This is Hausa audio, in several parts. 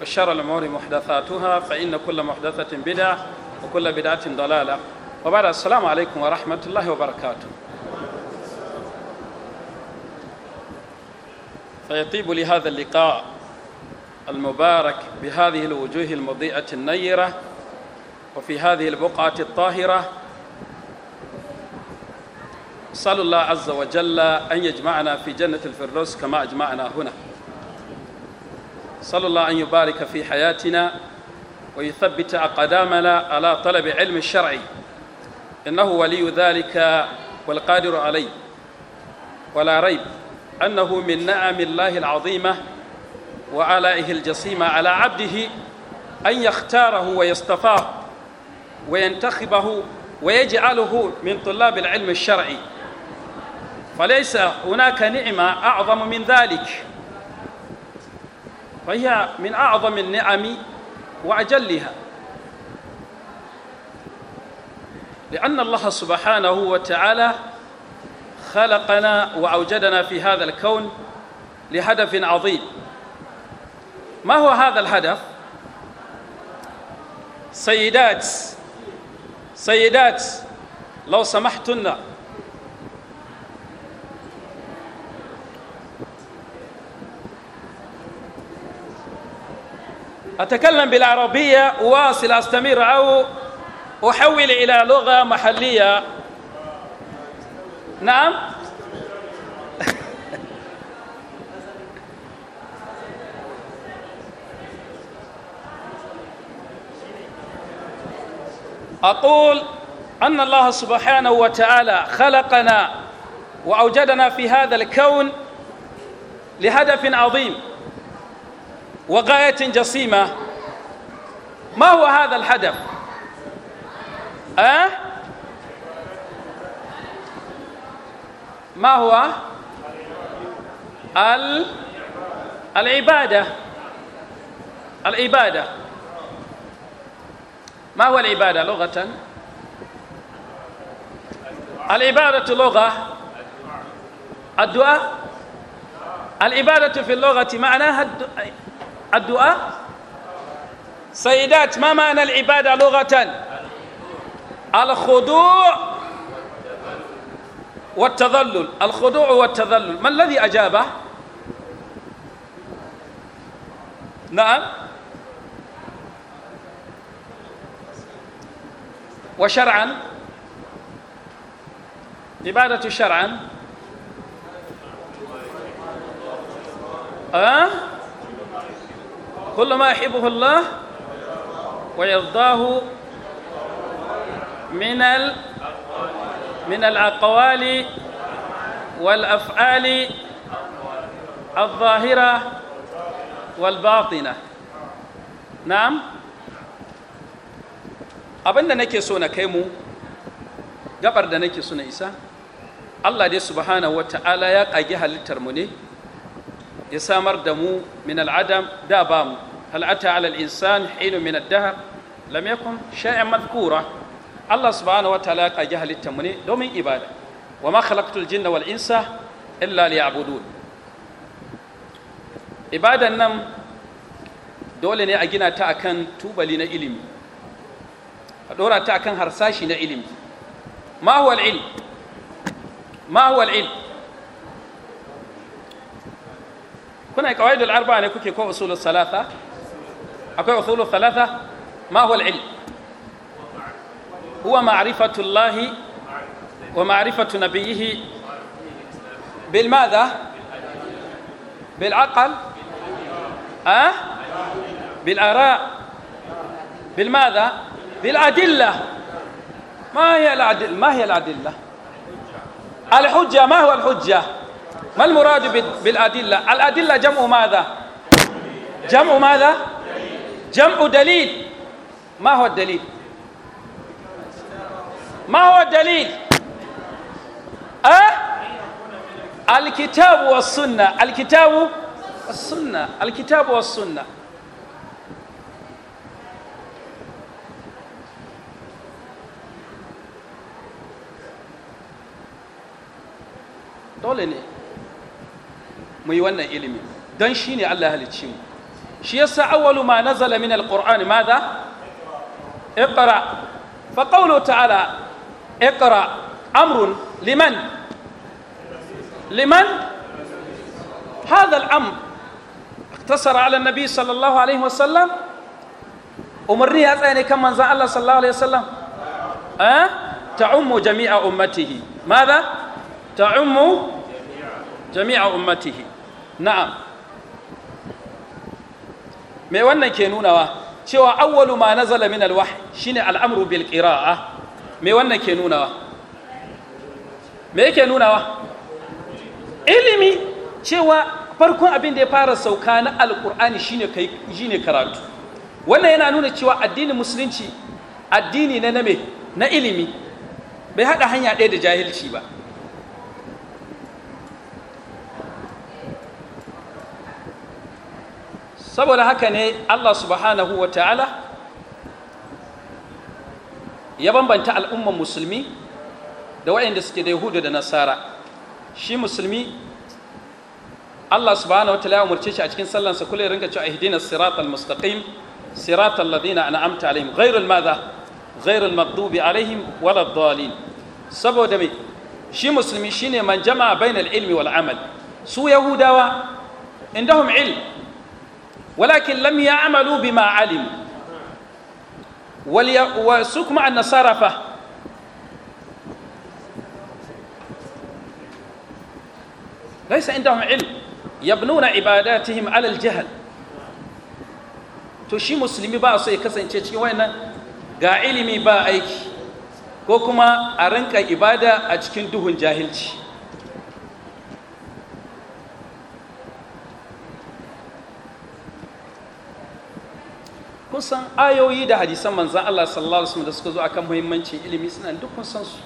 وشر الأمور محدثاتها فإن كل محدثة بدعة وكل بدعة ضلالة وبعد السلام عليكم ورحمة الله وبركاته فيطيب لهذا اللقاء المبارك بهذه الوجوه المضيئة النيرة وفي هذه البقعة الطاهرة صلى الله عز وجل أن يجمعنا في جنة الفردوس كما أجمعنا هنا صلى الله أن يبارك في حياتنا ويثبت أقدامنا على طلب علم الشرع إنه ولي ذلك والقادر عليه ولا ريب أنه من نعم الله العظيمة وآلائه الجسيمة على عبده أن يختاره ويصطفاه وينتخبه ويجعله من طلاب العلم الشرعي فليس هناك نعمة أعظم من ذلك فهي من أعظم النعم وأجلها لأن الله سبحانه وتعالى خلقنا وأوجدنا في هذا الكون لهدف عظيم ما هو هذا الهدف؟ سيدات سيدات لو سمحتن أتكلم بالعربية واصل أستمر أو أحول إلى لغة محلية نعم أقول أن الله سبحانه وتعالى خلقنا وأوجدنا في هذا الكون لهدف عظيم وغاية جسيمة ما هو هذا الهدف أه؟ ما هو ال العبادة العبادة ما هو العبادة لغة العبادة لغة الدعاء العبادة في اللغة معناها الدعاء الدعاء سيدات ما معنى العبادة لغة الخضوع والتذلل الخضوع والتذلل ما الذي أجابه نعم وشرعا عبادة شرعا أه؟ كل ما يحبه الله ويرضاه من ال من الأقوال والأفعال الظاهرة والباطنة نعم أبدا نكي سونا كيمو جبر نكي سونا إسا الله دي سبحانه وتعالى يقى جهة للترموني يسامر دمو من العدم دا hal ata ala al-insan hinu min ad-dahr lam yakun shay'an Allah subhanahu wataala ka ji halittar mu domin ibada wa ma khalaqtul jinna wal insa a liya'budun ibadan nan dole ne a gina ta akan tubali na ilimi a dora ta akan harsashi na ilimi kuna ne kuke ko usulus salata أكو أصول ثلاثة ما هو العلم هو معرفة الله ومعرفة نبيه بالماذا بالعقل أه؟ بالآراء بالماذا بالأدلة ما هي الأدلة ما هي الأدلة الحجة ما هو الحجة ما المراد بالأدلة الأدلة جمع ماذا جمع ماذا جمع دليل ما هو الدليل ما هو الدليل أه؟ الكتاب والسنة الكتاب والسنة الكتاب والسنة dole ne mu yi wannan ilimi don shi ne Allah halicci mu شيء أول ما نزل من القرآن ماذا اقرأ فقوله تعالى اقرأ أمر لمن لمن هذا الأمر اقتصر على النبي صلى الله عليه وسلم أمرني يعني كم من الله صلى الله عليه وسلم أه؟ تعم جميع أمته ماذا تعم جميع أمته نعم me wannan ke nunawa cewa awwalu ma nazala min alwahyi shine al'amru bil qira'a me wannan ke nunawa me yake nunawa ilimi cewa farkon abin da ya fara sauka na alqur'ani shine kai shine karatu wannan yana nuna cewa addinin musulunci addini ne na me na ilimi bai hada hanya ɗaya da jahilci ba saboda haka ne Allah subhanahu wa ta'ala ya bambanta al'umman musulmi da waɗanda suke da yahudu da nasara shi musulmi Allah subhanahu wa ta'ala ya umarce shi a cikin sallansa kula ya rinka cewa ihdina siratal mustaqim siratal ladina an'amta alaihim ghairul madha ghairul maghdubi alaihim wala dalin saboda me shi musulmi shine man jama'a bainal ilmi wal amal su yahudawa indahum ilm ولكن لم يعملوا بما علموا ولي... وسكم أن صرف ليس عندهم علم يبنون عباداتهم على الجهل تشي مسلمي با سو يكسن تشي وين غا علمي با ايكي كوكما ارنكا عباده ا cikin duhun jahilci kun san ayoyi da hadisan manzan Allah sallallahu alaihi wasallam da suka zo akan muhimmancin ilimi suna duk kun san su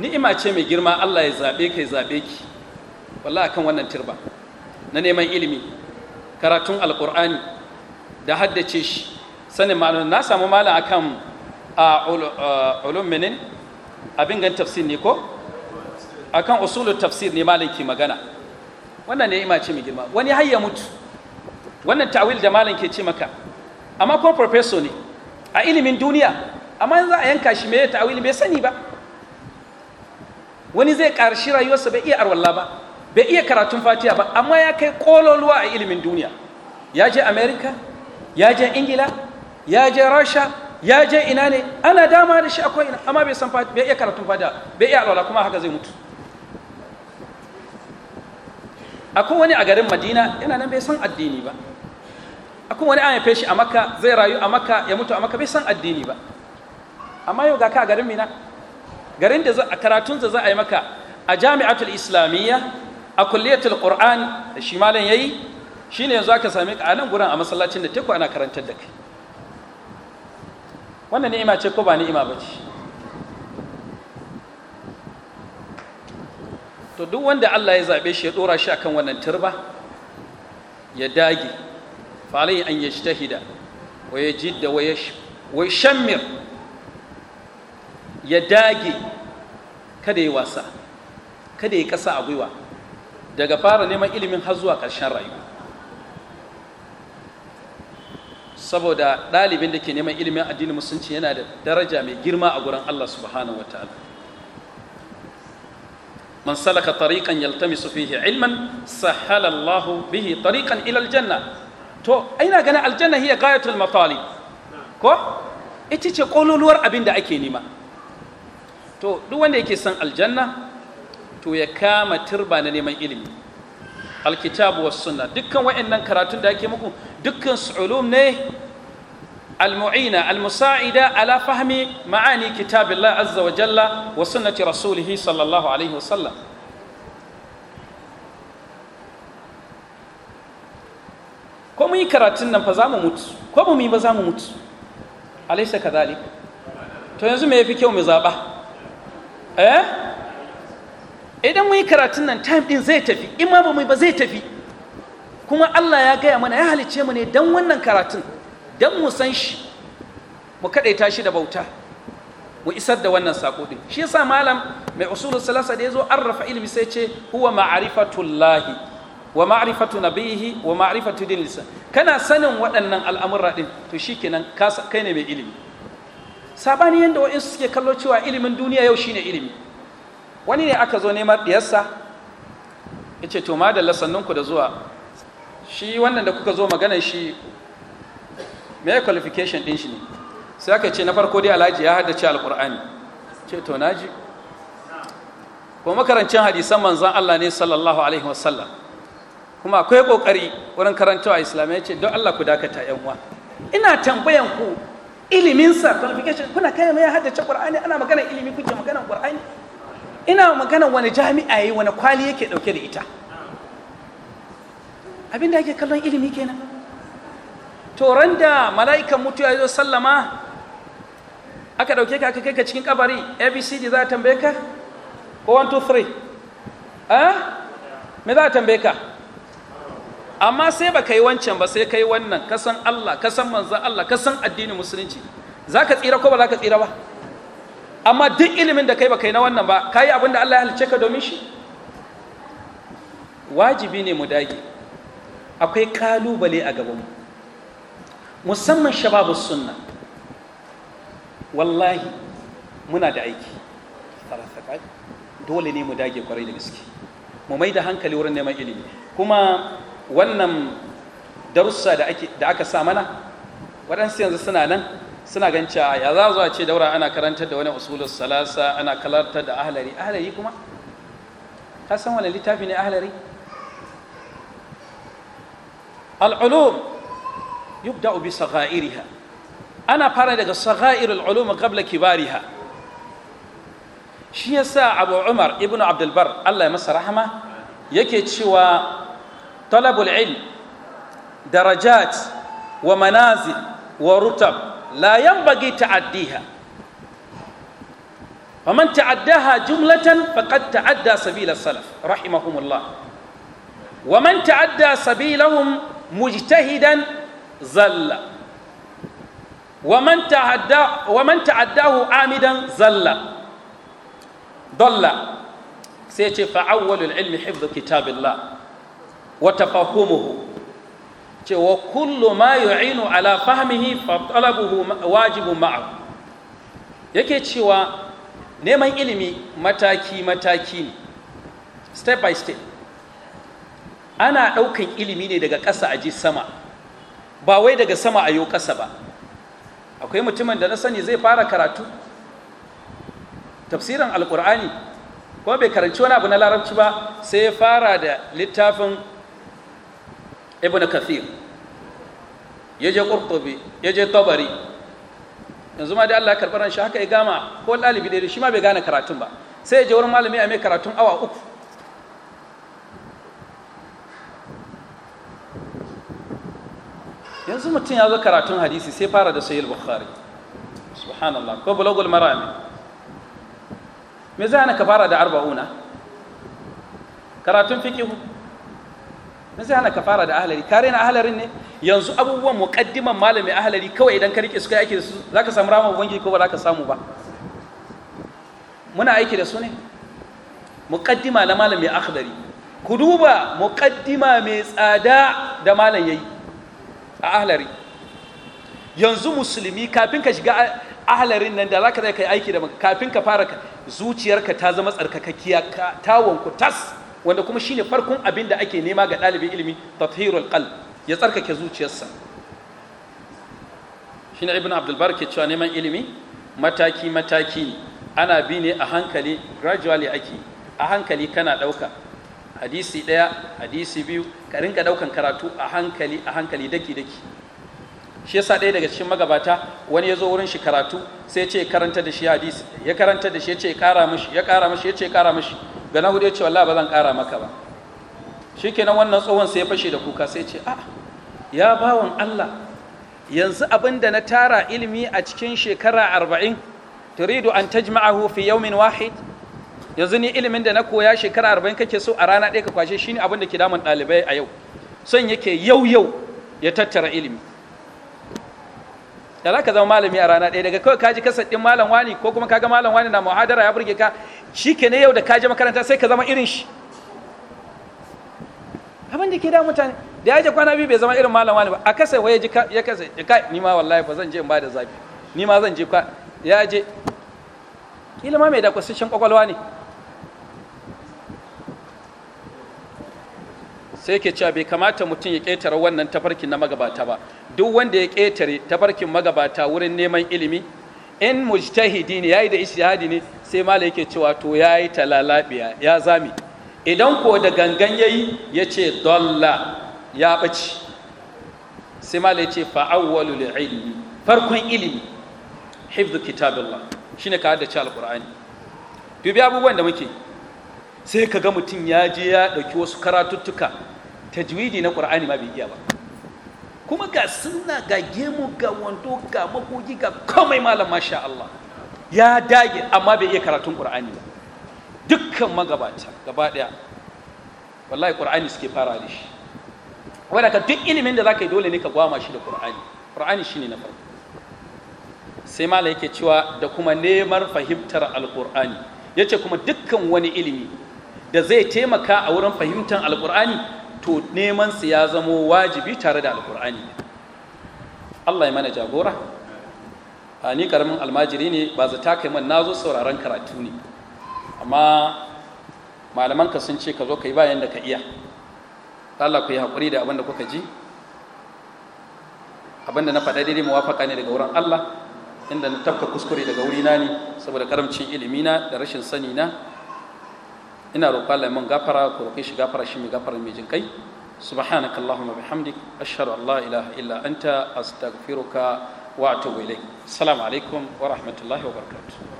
ni'ima ce mai girma Allah ya zabe ka zabe ki wallahi akan wannan turba na neman ilimi karatun alqur'ani da haddace shi sanin malamin na samu malam akan a ulum menin abin gan tafsir ne ko akan usulul tafsir ne malam ki magana wannan ne ima ce mai girma wani har ya mutu wannan ta'awil da malam ke ce maka amma kuma professor ne a ilimin duniya amma za a yanka shi mai ta'awil bai sani ba wani zai karshi rayuwarsa bai iya arwalla ba bai iya karatun fatiha ba amma ya kai ƙololuwa a ilimin duniya ya je america ya je ingila ya je rasha ya je ina ne ana dama da shi akwai ina amma bai san bai iya karatun fatiha bai iya arwalla kuma haka zai mutu akwai wani a garin madina yana nan bai san addini ba akwai wani an haife shi a maka zai rayu a maka ya mutu a maka bai san addini ba amma yau ga ka a garin mina garin da a karatun za a yi maka a jami'atul islamiyya a kulliyatul qur'an da shi malam yayi shine yanzu aka same ka a nan gurin a masallacin da teku ana karantar da kai wannan ni'ima ce ko ba ni'ima ba ce to duk wanda Allah ya zaɓe shi ya ɗora shi akan wannan turba ya dage فعليه أن يجتهد ويجد ويش ويشمر ya dage kada ya wasa kada ya kasa a gwiwa daga fara neman ilimin har zuwa ƙarshen rayuwa saboda ɗalibin da ke neman ilimin addinin musulunci yana da daraja mai girma a gurin Allah subhanahu wa ta'ala man salaka tariqan yaltamisu fihi ilman sahala Allah bihi tariqan ila aljanna to ina ganin aljanna hiya gayatul matali ko ita ce kololuwar abin da ake nema to duk wanda yake san aljanna to ya kama turba na neman ilimi alkitabu was sunna dukkan wayannan karatun da ake muku dukkan su ulum ne almusa'ida, ala fahmi, فهم معاني azza wa jalla, وجل وسنة رسوله صلى الله عليه ko mun yi karatun nan fa za mu mutu ko mu yi ba za mu mutu alaisa ka to yanzu me yafi kyau mu zaba? eh idan mun yi karatun nan time din zai tafi in ma ba mu yi ba zai tafi kuma Allah ya gaya mana ya halice mu ne dan wannan karatun dan mu san shi mu kaɗaita shi da bauta mu isar da wannan sako din shi yasa malam mai usulul salasa da yazo arrafa ilmi sai ce huwa ma'rifatullahi wa ma'rifatu nabihi wa ma'rifatu din lisan kana sanin waɗannan al'amurra din to shi kenan kai ne mai ilimi sabani yanda wa'in suke kallo cewa ilimin duniya yau shine ilimi wani ne aka zo neman diyarsa ce to madalla sannunku da zuwa shi wannan da kuka zo magana shi me qualification din shi ne sai aka ce na farko dai alhaji ya haddace alqur'ani ce to naji ko makarancin hadisan manzon Allah ne sallallahu alaihi wasallam kuma akwai kokari wurin karantawa ya ce don Allah ku dakata yan uwa ina tambayan ku ilimin sa qualification kuna kai mai haddace qur'ani ana magana ilimi kuke magana qur'ani ina magana wani jami'a yi wani kwali yake dauke da ita abin da yake kallon ilimi kenan to randa da mala'ikan mutuwa ya zo sallama aka dauke ka aka kai ka cikin kabari abcd za a tambaye ka ko 1 2 3 eh me za a tambaye ka amma sai ba yi wancan ba sai kai wannan ka san Allah ka san manzon Allah ka san addinin musulunci za ka tsira ko ba za ka tsira ba amma duk ilimin da kai ba kai na wannan ba ka yi abin da Allah ya halice ka domin shi wajibi ne mu dage akwai kalubale a gabanmu musamman shababu sunna wallahi muna da aiki dole ne mu dage kwarai da gaske mu mai da hankali wurin neman ilimi kuma wannan darussa da aka sa mana waɗansu yanzu suna nan suna gan cewa ya za zuwa ce daura ana karantar da wani usulus salasa ana karantar da ahlari ahlari kuma ka san wani littafi ne ahlari al'ulum yubda'u bi saghairiha ana fara daga saghairul ulum qabla kibariha shi yasa abu umar ibnu abdul bar Allah ya masa rahama yake cewa طلب العلم درجات ومنازل ورتب لا ينبغي تعديها فمن تعداها جملة فقد تعدى سبيل السلف رحمهم الله ومن تعدى سبيلهم مجتهدا زل ومن تعدى ومن تعداه عامدا زل ضل سيتي فأول العلم حفظ كتاب الله وتفهمه tafahumuhu cewa kullu ma yu'inu ala fahmihi fa yake cewa neman ilimi mataki mataki ne step by step ana ɗaukan ilimi ne daga ƙasa a ji sama ba wai daga sama a yau ƙasa ba akwai mutumin da na sani zai fara karatu tafsirin alƙur'ani ko bai karanci wani abu na larabci ba sai ya fara da littafin ibn kathir ya je qurtubi ya je tabari yanzu ma dai Allah ya karɓar shi haka ya gama ko ɗalibi dai shi ma bai gane karatun ba sai ya je wurin malami a mai karatun awa uku yanzu mutum ya zo karatun hadisi sai fara da sahih bukhari subhanallah ko bulagul marami me zai ana ka fara da arba'una karatun fiqh dan sai hana kafara da ahlari ka raina ahlarin ne yanzu abubuwan muqaddiman malami ahlari kawai idan ka rike su kai ake da su zaka samu rama ubangiji ko ba zaka samu ba muna aiki da su ne muqaddima na malami ahlari ku duba muqaddima mai tsada da malam yayi a ahlari yanzu musulmi kafin ka shiga ahlarin nan da zaka zai kai aiki da kafin ka fara zuciyarka ta zama tsarkakakkiya ta wanku tas wanda kuma shine farkon abin da ake nema ga ɗalibin ilimi tathirul qal ya tsarkake zuciyarsa shine ibn abdulbar ke cewa neman ilimi mataki mataki ana bi ne a hankali gradually ake a hankali kana ɗauka hadisi ɗaya hadisi biyu ka rinka ɗaukan karatu a hankali a hankali daki daki shi yasa ɗaya daga cikin magabata wani ya zo wurin shi karatu sai ce karanta da shi hadisi ya karanta da shi ya ce ƙara mashi ya ƙara mashi ya ce ƙara mashi ga na ya ce wallahi ba zan ƙara maka ba shi kenan wannan tsohon sai ya fashe da kuka sai ce a ya bawan Allah yanzu abin da na tara ilimi a cikin shekara arba'in turidu an tajma'ahu fi yawmin wahid yanzu ni ilimin da na koya shekara arba'in kake so a rana ɗaya ka kwashe shine abin da ke damun ɗalibai a yau son yake yau yau ya tattara ilimi da za ka zama malami a rana ɗaya daga kawai kaji kasar ɗin malam wani ko kuma kaga malam wani na muhadara ya burge ka shi ke ne yau da kaji makaranta sai ka zama irin shi abin da ke da mutane da ya je kwana biyu bai zama irin malam wani ba a kasa ya ji ya kasa ya kai ni ma wallahi ba zan je in ba da zafi ni ma zan je kwa ya je ilima mai da kwasashen kwakwalwa ne sai ke cewa bai kamata mutum ya ƙetare wannan tafarkin na magabata ba duk wanda ya ƙetare tafarkin magabata wurin neman ilimi in mujtahidi ne yayi da ishihadi ne sai mala yake cewa to yayi talalabiya ya zami idan ko da gangan yayi yace dalla ya baci sai mala yace fa awwalul ilmi farkon ilimi hifdhu kitabullah shine ka haddace alqur'ani dubi abubuwan da muke sai ka ga mutum ya je ya ɗauki wasu karatuttuka tajwidi na ƙwar'ani ma bai iya ba kuma ga suna ga gemu ga wando ga makogi ga komai malam masha Allah ya dage amma bai iya karatun ƙwar'ani ba dukkan magabata gaba ɗaya wallahi ƙwar'ani suke fara da shi wadda ka duk ilimin da za ka yi dole ne ka gwama shi da ƙwar'ani ƙwar'ani shi ne na farko sai mala yake cewa da kuma neman fahimtar alƙur'ani ya ce kuma dukkan wani ilimi da zai taimaka a wurin fahimtar alkur'ani to neman su ya zamo wajibi tare da alkur'ani Allah ya mana jagora a ni karamin almajiri ne ba za ta kai man na zo sauraron karatu ne amma malamanka sun ce ka zo ka yi bayan da ka iya Allah ku yi haƙuri da abinda kuka ji Abinda na faɗa daidai mawafaka ne daga wurin Allah inda na tafka kuskure daga wurina ne saboda karamcin ilimina da rashin sani na ina roƙa Allah mun gafara ku roƙe shi gafara shi mai gafara mai jinkai subhanakallahumma bihamdik ashhadu an la ilaha illa anta astaghfiruka wa atubu ilaik assalamu alaikum wa rahmatullahi wa barakatuh